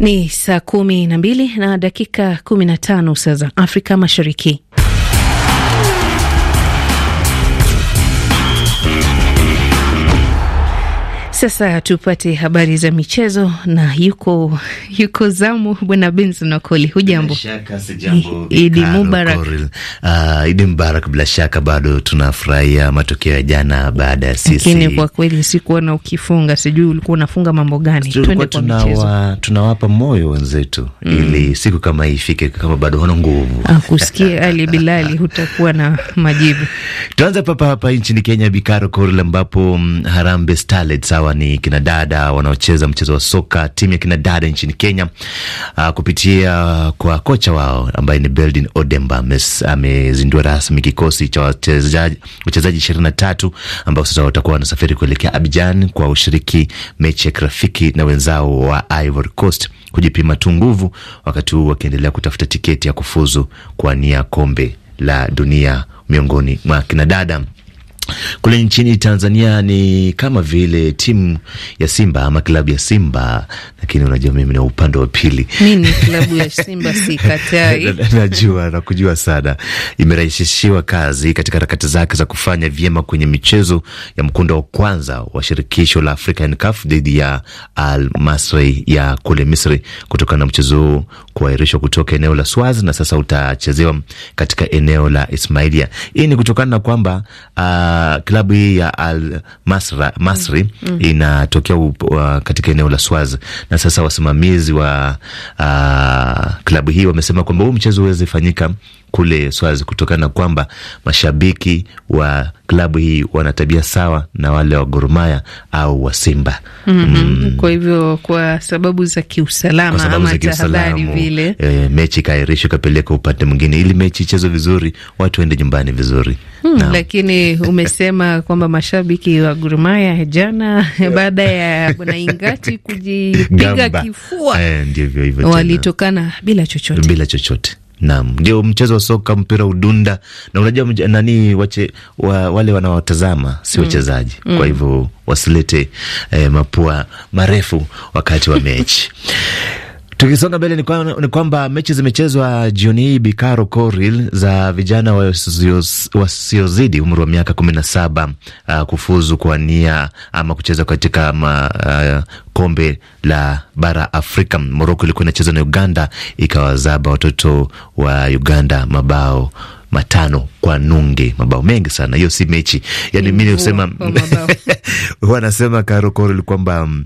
Ni saa kumi na mbili na dakika kumi na tano saa za Afrika Mashariki. Sasa tupate habari za michezo na yuko yuko zamu bwana Benson Wakoli. Hujambo? Idi Mubarak. Uh, Idi Mubarak. Bila shaka bado tunafurahia matokeo ya jana baada ya sisi, lakini kwa kweli sikuona ukifunga, sijui ulikuwa unafunga mambo gani. Tulikuwa tunawa, tunawapa moyo wenzetu mm, ili siku kama ifike, kama bado huna nguvu akusikie ah, Ali Bilali, hutakuwa na majibu. Tuanze papa hapa nchini Kenya, Bikaro Koril, ambapo mm, Harambee Starlets sawa hawa ni kinadada wanaocheza mchezo wa soka, timu ya kinadada nchini Kenya uh, kupitia ah, kwa kocha wao ambaye ni Beldin Odemba amezindua rasmi kikosi cha wachezaji ishirini na tatu ambao sasa watakuwa wanasafiri kuelekea Abidjan kwa ushiriki mechi ya kirafiki na wenzao wa Ivory Coast kujipima tu nguvu, wakati huu wakiendelea kutafuta tiketi ya kufuzu kuwania kombe la dunia miongoni mwa kinadada. Kule nchini Tanzania ni kama vile timu ya Simba ama klabu ya Simba, lakini unajua mimi na upande wa pili klabu ya Simba sikatai. Najua na kujua sana, imerahisishiwa kazi katika harakati zake za kufanya vyema kwenye michezo ya mkondo wa kwanza wa shirikisho la Afrika CAF dhidi ya Al Masry ya kule Misri, kutokana na mchezo huu kuahirishwa kutoka eneo la Suaz na sasa utachezewa katika eneo la Ismailia. Hii ni kutokana na kwamba uh, klabu hii ya Al Masra, Masri mm. mm. inatokea uh, katika eneo la Swaz, na sasa wasimamizi wa uh, klabu hii wamesema kwamba huu mchezo huwezi fanyika kule Swazi kutokana na kwamba mashabiki wa klabu hii wana tabia sawa na wale wa Gorumaya au wa Simba. mm -hmm. Mm. Kwa hivyo kwa sababu za kiusalama, kwa sababu za kiusalama vile e, mechi ikaairishwa ikapeleka upande mwingine, ili mechi ichezwe vizuri, watu waende nyumbani vizuri. Hmm, no. Lakini umesema kwamba mashabiki wa Gor Mahia jana baada ya Bwana Ingati kujipiga kifua eh, walitokana bila chochote, bila chochote. Naam, ndio mchezo wa soka, mpira udunda, na unajua nani wache, wa, wale wanaotazama si mm. wachezaji mm. kwa hivyo wasilete eh, mapua marefu wakati wa mechi Tukisonga mbele ni, kwa, ni kwamba mechi zimechezwa jioni hii Bikaro Koril za vijana wasiozidi umri wa miaka kumi na saba uh, kufuzu kuwania ama kucheza katika ma, uh, kombe la bara Afrika. Moroko ilikuwa inacheza na Uganda ikawazaba watoto wa Uganda mabao matano kwa nunge, mabao mengi sana. Hiyo si mechi yani, mimi husema wanasema Karokoro kwamba mm,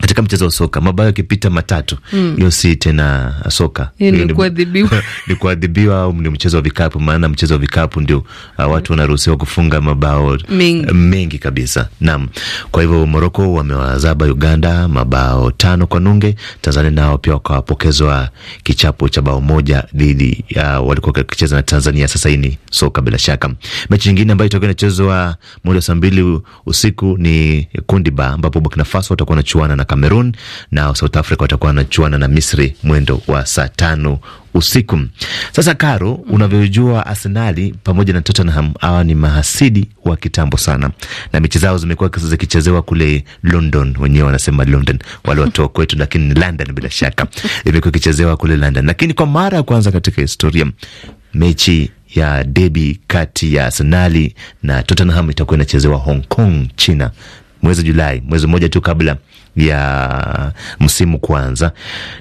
katika mchezo wa soka mabao yakipita matatu mm. hiyo mm. si tena soka, ni kuadhibiwa au ni mchezo wa vikapu. Maana mchezo wa vikapu ndio uh, watu wanaruhusiwa kufunga mabao mengi, uh, mengi kabisa. nam kwa hivyo Moroko wamewazaba Uganda mabao tano kwa nunge. Tanzania nao pia wakawapokezwa kichapo cha bao moja dhidi ya uh, walikuwa wakicheza na Tanzania. Sasa hii ni soka bila shaka. Mechi nyingine ambayo itakuwa inachezwa moja saa mbili usiku ni kundi ba ambapo Burkina watakuwa wanachuana na Cameroon, na South Africa watakuwa wanachuana na Misri mwendo wa saa tano usiku. Sasa Karo, unavyojua Arsenali pamoja na Tottenham hawa ni mahasidi wa kitambo sana, na mechi zao zimekuwa zikichezewa kule London, wenyewe wanasema London, wale watoa kwetu, lakini ni London bila shaka, imekuwa ikichezewa kule London. Lakini kwa mara ya kwanza katika historia mechi ya debi kati ya Arsenali na Tottenham itakuwa inachezewa Hong Kong, China mwezi Julai, mwezi mmoja tu kabla ya msimu kwanza.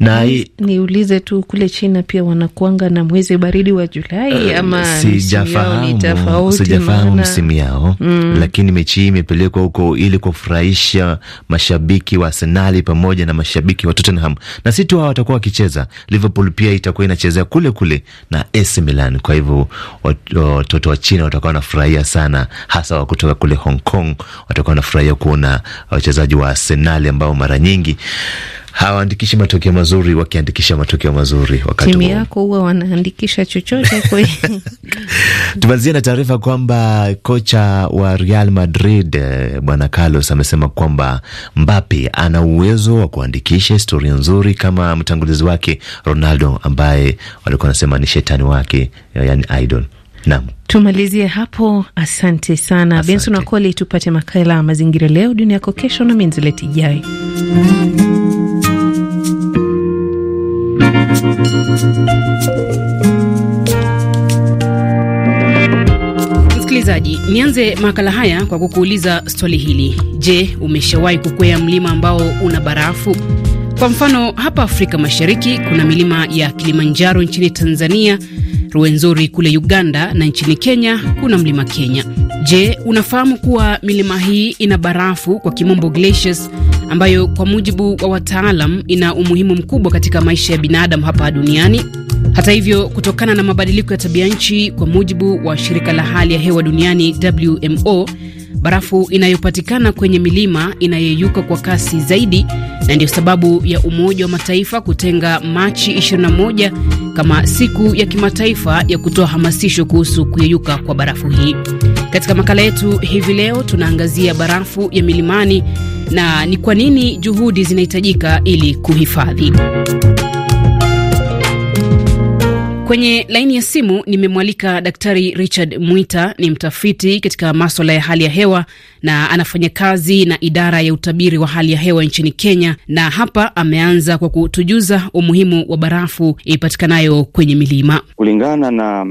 Na niulize tu kule China pia wanakuanga na mwezi baridi wa Julai uh, ama sijafahamu sijafahamu msimu yao mm. Lakini mechi hii imepelekwa huko ili kufurahisha mashabiki wa Arsenali pamoja na mashabiki wa Tottenham, na si tu hao watakuwa wakicheza, Liverpool pia itakuwa inachezea kule kule na AC Milan. Kwa hivyo watoto wa China watakuwa wanafurahia sana, hasa wa kutoka kule Hong Kong watakuwa wanafurahia kuona wachezaji wa Arsenali ambao mara nyingi hawaandikishi matokeo mazuri, wakiandikisha matokeo mazuri wakati timu yako huwa wanaandikisha chochote. Tumalizia na taarifa kwamba kocha wa Real Madrid eh, bwana Carlos amesema kwamba Mbappe ana uwezo wa kuandikisha historia nzuri kama mtangulizi wake Ronaldo ambaye walikuwa wanasema ni shetani wake, eh, yani idol. Naam. Tumalizie hapo. Asante sana, Benson Wakoli. Tupate makala ya mazingira leo dunia yako kesho na Minzileti ijayo. Msikilizaji, nianze makala haya kwa kukuuliza swali hili. Je, umeshawahi kukwea mlima ambao una barafu? Kwa mfano, hapa Afrika Mashariki kuna milima ya Kilimanjaro nchini Tanzania ruenzori kule Uganda na nchini Kenya kuna mlima Kenya. Je, unafahamu kuwa milima hii ina barafu kwa kimombo glaciers, ambayo kwa mujibu wa wataalam ina umuhimu mkubwa katika maisha ya binadamu hapa duniani? Hata hivyo, kutokana na mabadiliko ya tabia nchi, kwa mujibu wa shirika la hali ya hewa duniani WMO barafu inayopatikana kwenye milima inayeyuka kwa kasi zaidi, na ndiyo sababu ya Umoja wa Mataifa kutenga Machi 21 kama siku ya kimataifa ya kutoa hamasisho kuhusu kuyeyuka kwa barafu hii. Katika makala yetu hivi leo tunaangazia barafu ya milimani na ni kwa nini juhudi zinahitajika ili kuhifadhi Kwenye laini ya simu nimemwalika Daktari Richard Mwita. Ni mtafiti katika maswala ya hali ya hewa na anafanya kazi na idara ya utabiri wa hali ya hewa nchini Kenya, na hapa ameanza kwa kutujuza umuhimu wa barafu ipatikanayo kwenye milima kulingana na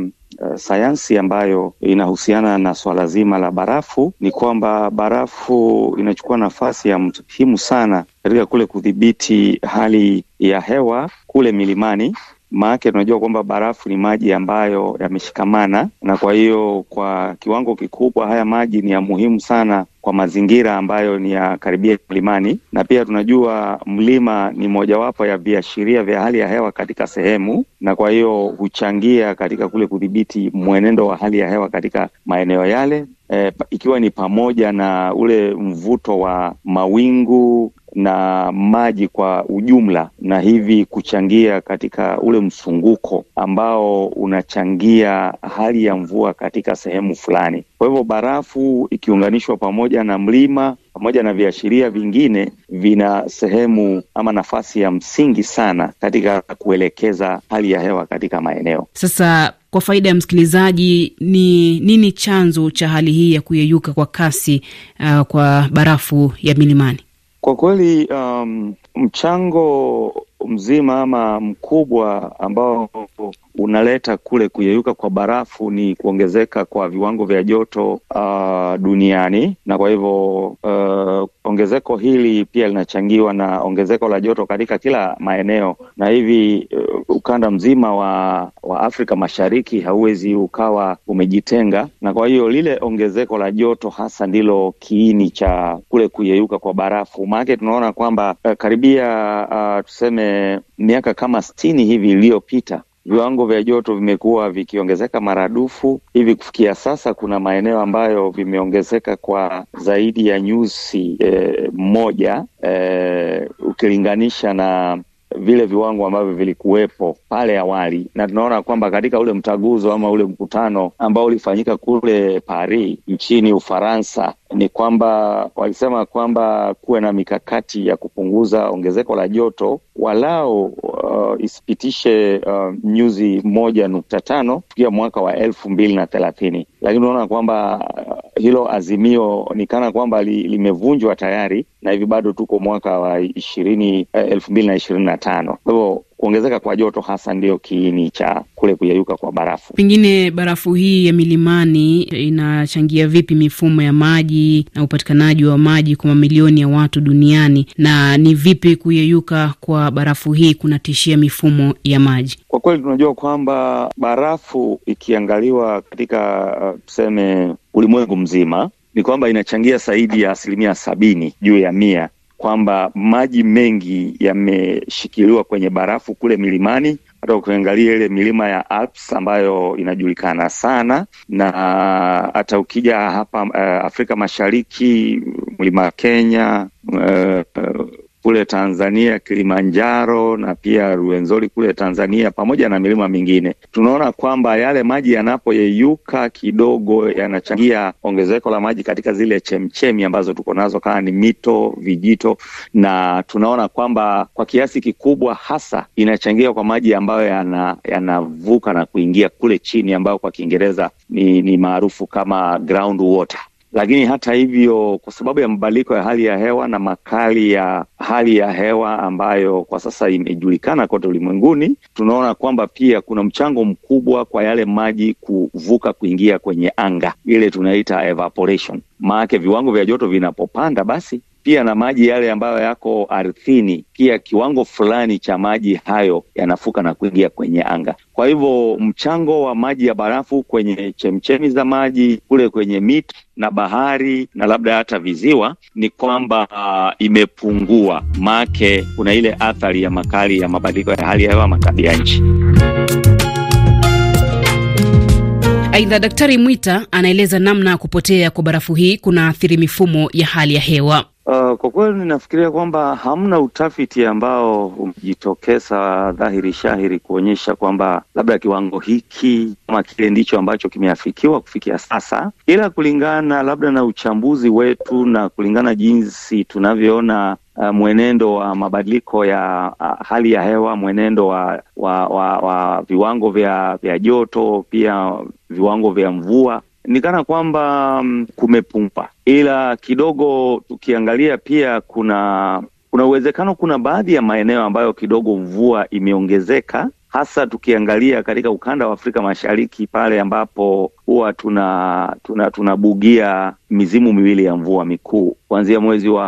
Uh, sayansi ambayo inahusiana na swala zima la barafu ni kwamba barafu inachukua nafasi ya muhimu sana katika kule kudhibiti hali ya hewa kule milimani, maanake tunajua kwamba barafu ni maji ambayo yameshikamana, na kwa hiyo kwa kiwango kikubwa haya maji ni ya muhimu sana kwa mazingira ambayo ni ya karibia mlimani, na pia tunajua mlima ni mojawapo ya viashiria vya hali ya hewa katika sehemu, na kwa hiyo huchangia katika kule kudhibiti mwenendo wa hali ya hewa katika maeneo yale. E, ikiwa ni pamoja na ule mvuto wa mawingu na maji kwa ujumla, na hivi kuchangia katika ule msunguko ambao unachangia hali ya mvua katika sehemu fulani. Kwa hivyo barafu ikiunganishwa pamoja na mlima pamoja na viashiria vingine vina sehemu ama nafasi ya msingi sana katika kuelekeza hali ya hewa katika maeneo. Sasa, kwa faida ya msikilizaji, ni nini chanzo cha hali hii ya kuyeyuka kwa kasi uh, kwa barafu ya milimani? Kwa kweli um, mchango mzima ama mkubwa ambao unaleta kule kuyeyuka kwa barafu ni kuongezeka kwa viwango vya joto uh, duniani, na kwa hivyo uh, ongezeko hili pia linachangiwa na ongezeko la joto katika kila maeneo, na hivi uh, ukanda mzima wa, wa Afrika Mashariki hauwezi ukawa umejitenga, na kwa hiyo lile ongezeko la joto hasa ndilo kiini cha kule kuyeyuka kwa barafu. Maanake tunaona kwamba uh, karibia uh, tuseme miaka kama stini hivi iliyopita viwango vya joto vimekuwa vikiongezeka maradufu hivi kufikia sasa, kuna maeneo ambayo vimeongezeka kwa zaidi ya nyuzi mmoja eh, moja e, ukilinganisha na vile viwango ambavyo vilikuwepo pale awali, na tunaona kwamba katika ule mtaguzo ama ule mkutano ambao ulifanyika kule Paris nchini Ufaransa ni kwamba walisema kwamba kuwe na mikakati ya kupunguza ongezeko la joto walao uh, isipitishe uh, nyuzi moja nukta tano kufikia mwaka wa elfu mbili na thelathini, lakini unaona kwamba uh, hilo azimio ni kana kwamba li, limevunjwa tayari na hivi bado tuko mwaka wa ishirini eh, elfu mbili na ishirini na tano kwa hivyo kuongezeka kwa joto hasa ndiyo kiini cha kule kuyayuka kwa barafu. Pengine barafu hii ya milimani inachangia vipi mifumo ya maji na upatikanaji wa maji kwa mamilioni ya watu duniani, na ni vipi kuyayuka kwa barafu hii kunatishia mifumo ya maji? Kwa kweli tunajua kwamba barafu ikiangaliwa katika uh, tuseme ulimwengu mzima ni kwamba inachangia zaidi ya asilimia sabini juu ya mia kwamba maji mengi yameshikiliwa kwenye barafu kule milimani. Hata ukiangalia ile milima ya Alps ambayo inajulikana sana, na hata ukija hapa uh, Afrika Mashariki, mlima wa Kenya uh, uh, kule Tanzania, Kilimanjaro na pia Ruenzori kule Tanzania, pamoja na milima mingine, tunaona kwamba yale maji yanapoyeyuka kidogo yanachangia ongezeko la maji katika zile chemchemi ambazo tuko nazo kama ni mito, vijito, na tunaona kwamba kwa kiasi kikubwa hasa inachangia kwa maji ambayo yanavuka yana na kuingia kule chini, ambayo kwa Kiingereza ni, ni maarufu kama ground water lakini hata hivyo, kwa sababu ya mabadiliko ya hali ya hewa na makali ya hali ya hewa ambayo kwa sasa imejulikana kote ulimwenguni, tunaona kwamba pia kuna mchango mkubwa kwa yale maji kuvuka kuingia kwenye anga, ile tunaita evaporation. Maanake viwango vya joto vinapopanda, basi pia na maji yale ambayo yako ardhini, pia kiwango fulani cha maji hayo yanafuka na kuingia kwenye anga. Kwa hivyo mchango wa maji ya barafu kwenye chemchemi za maji kule kwenye mito na bahari na labda hata viziwa ni kwamba uh, imepungua, make kuna ile athari ya makali ya mabadiliko ya hali ya hewa na ya nchi. Aidha, Daktari Mwita anaeleza namna ya kupotea kwa barafu hii kunaathiri mifumo ya hali ya hewa. Uh, kwa kweli ninafikiria kwamba hamna utafiti ambao umejitokeza dhahiri shahiri kuonyesha kwamba labda kiwango hiki kama kile ndicho ambacho kimeafikiwa kufikia sasa, ila kulingana labda na uchambuzi wetu na kulingana jinsi tunavyoona Uh, mwenendo wa mabadiliko ya uh, hali ya hewa, mwenendo wa wa, wa, wa viwango vya vya joto, pia viwango vya mvua ni kana kwamba mm, kumepumpa, ila kidogo tukiangalia pia kuna kuna uwezekano, kuna baadhi ya maeneo ambayo kidogo mvua imeongezeka, hasa tukiangalia katika ukanda wa Afrika Mashariki pale ambapo huwa tuna, tuna tunabugia mizimu miwili ya mvua mikuu kuanzia mwezi wa,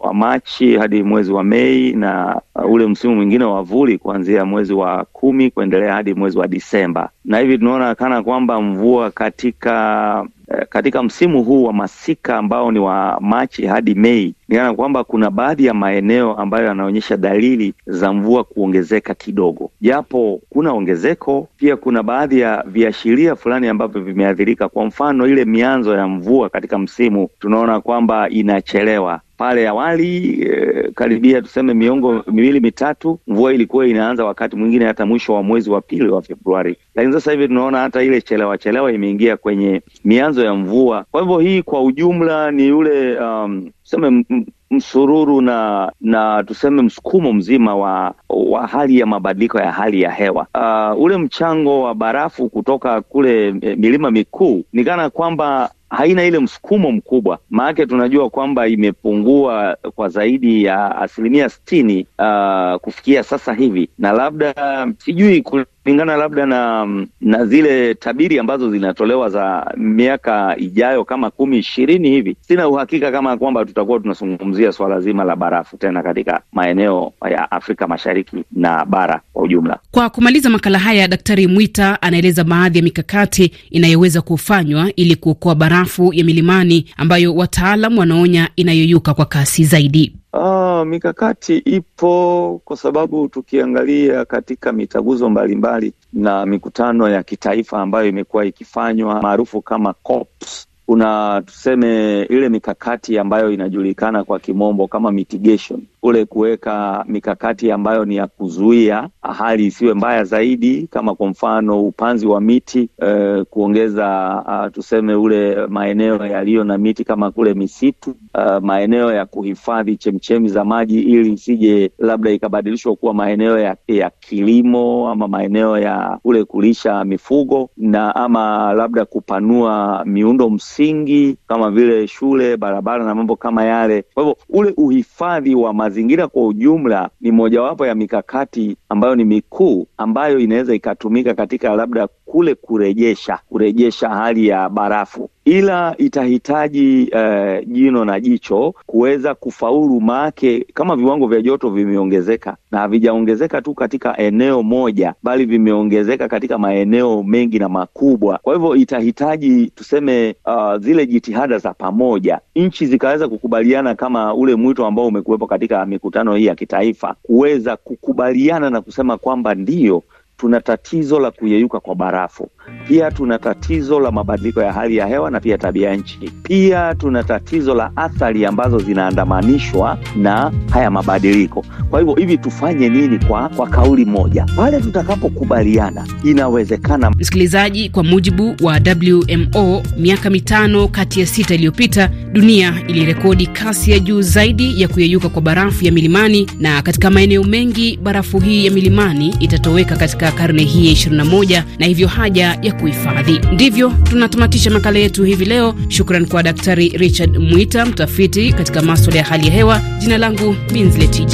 wa Machi hadi mwezi wa Mei na ule msimu mwingine wa vuli kuanzia mwezi wa kumi kuendelea hadi mwezi wa Disemba, na hivi tunaona kana kwamba mvua katika eh, katika msimu huu wa masika ambao ni wa Machi hadi Mei nikana kwamba kuna baadhi ya maeneo ambayo yanaonyesha dalili za mvua kuongezeka kidogo, japo kuna ongezeko pia. Kuna baadhi ya viashiria fulani ambavyo vimeathirika. Kwa mfano, ile mianzo ya mvua katika msimu tunaona kwamba inachelewa pale awali e, karibia tuseme miongo miwili mitatu, mvua ilikuwa inaanza wakati mwingine hata mwisho wa mwezi wa pili wa Februari, lakini sasa hivi tunaona hata ile chelewa chelewa imeingia kwenye mianzo ya mvua. Kwa hivyo hii kwa ujumla ni ule um, tuseme msururu na na tuseme msukumo mzima wa, wa hali ya mabadiliko ya hali ya hewa. Uh, ule mchango wa barafu kutoka kule eh, milima mikuu ni kana kwamba haina ile msukumo mkubwa, maanake tunajua kwamba imepungua kwa zaidi ya asilimia sitini uh, kufikia sasa hivi, na labda sijui kulingana labda na, na zile tabiri ambazo zinatolewa za miaka ijayo kama kumi ishirini hivi, sina uhakika kama kwamba tutakuwa tunazungumzia swala zima la barafu tena katika maeneo ya Afrika Mashariki na bara kwa ujumla. Kwa kumaliza makala haya, Daktari Mwita anaeleza baadhi ya mikakati inayoweza kufanywa ili kuokoa barafu ya milimani ambayo wataalam wanaonya inayoyuka kwa kasi zaidi. Ah, mikakati ipo kwa sababu tukiangalia katika mitaguzo mbalimbali na mikutano ya kitaifa ambayo imekuwa ikifanywa maarufu kama COPs, kuna tuseme ile mikakati ambayo inajulikana kwa kimombo kama mitigation kule kuweka mikakati ambayo ni ya kuzuia hali isiwe mbaya zaidi, kama kwa mfano upanzi wa miti eh, kuongeza uh, tuseme ule maeneo yaliyo na miti kama kule misitu uh, maeneo ya kuhifadhi chemchemi za maji ili isije labda ikabadilishwa kuwa maeneo ya, ya kilimo ama maeneo ya kule kulisha mifugo na ama labda kupanua miundo msingi kama vile shule, barabara na mambo kama yale. Kwa hivyo ule uhifadhi wa mazi mazingira kwa ujumla ni mojawapo ya mikakati ambayo ni mikuu ambayo inaweza ikatumika katika labda kule kurejesha kurejesha hali ya barafu ila itahitaji uh, jino na jicho kuweza kufaulu, maake kama viwango vya joto vimeongezeka na havijaongezeka tu katika eneo moja, bali vimeongezeka katika maeneo mengi na makubwa. Kwa hivyo itahitaji tuseme, uh, zile jitihada za pamoja, nchi zikaweza kukubaliana, kama ule mwito ambao umekuwepo katika mikutano hii ya kitaifa, kuweza kukubaliana na kusema kwamba ndiyo tuna tatizo la kuyeyuka kwa barafu, pia tuna tatizo la mabadiliko ya hali ya hewa na pia tabia nchi, pia tuna tatizo la athari ambazo zinaandamanishwa na haya mabadiliko. Kwa hivyo hivi tufanye nini? Kwa, kwa kauli moja pale tutakapokubaliana, inawezekana. Msikilizaji, kwa mujibu wa WMO, miaka mitano kati ya sita iliyopita dunia ilirekodi kasi ya juu zaidi ya kuyeyuka kwa barafu ya milimani, na katika maeneo mengi barafu hii ya milimani itatoweka katika katika karne hii ya 21 na hivyo haja ya kuhifadhi. Ndivyo tunatamatisha makala yetu hivi leo. Shukran kwa Daktari Richard Mwita, mtafiti katika maswala ya hali ya hewa. Jina langu Minzleti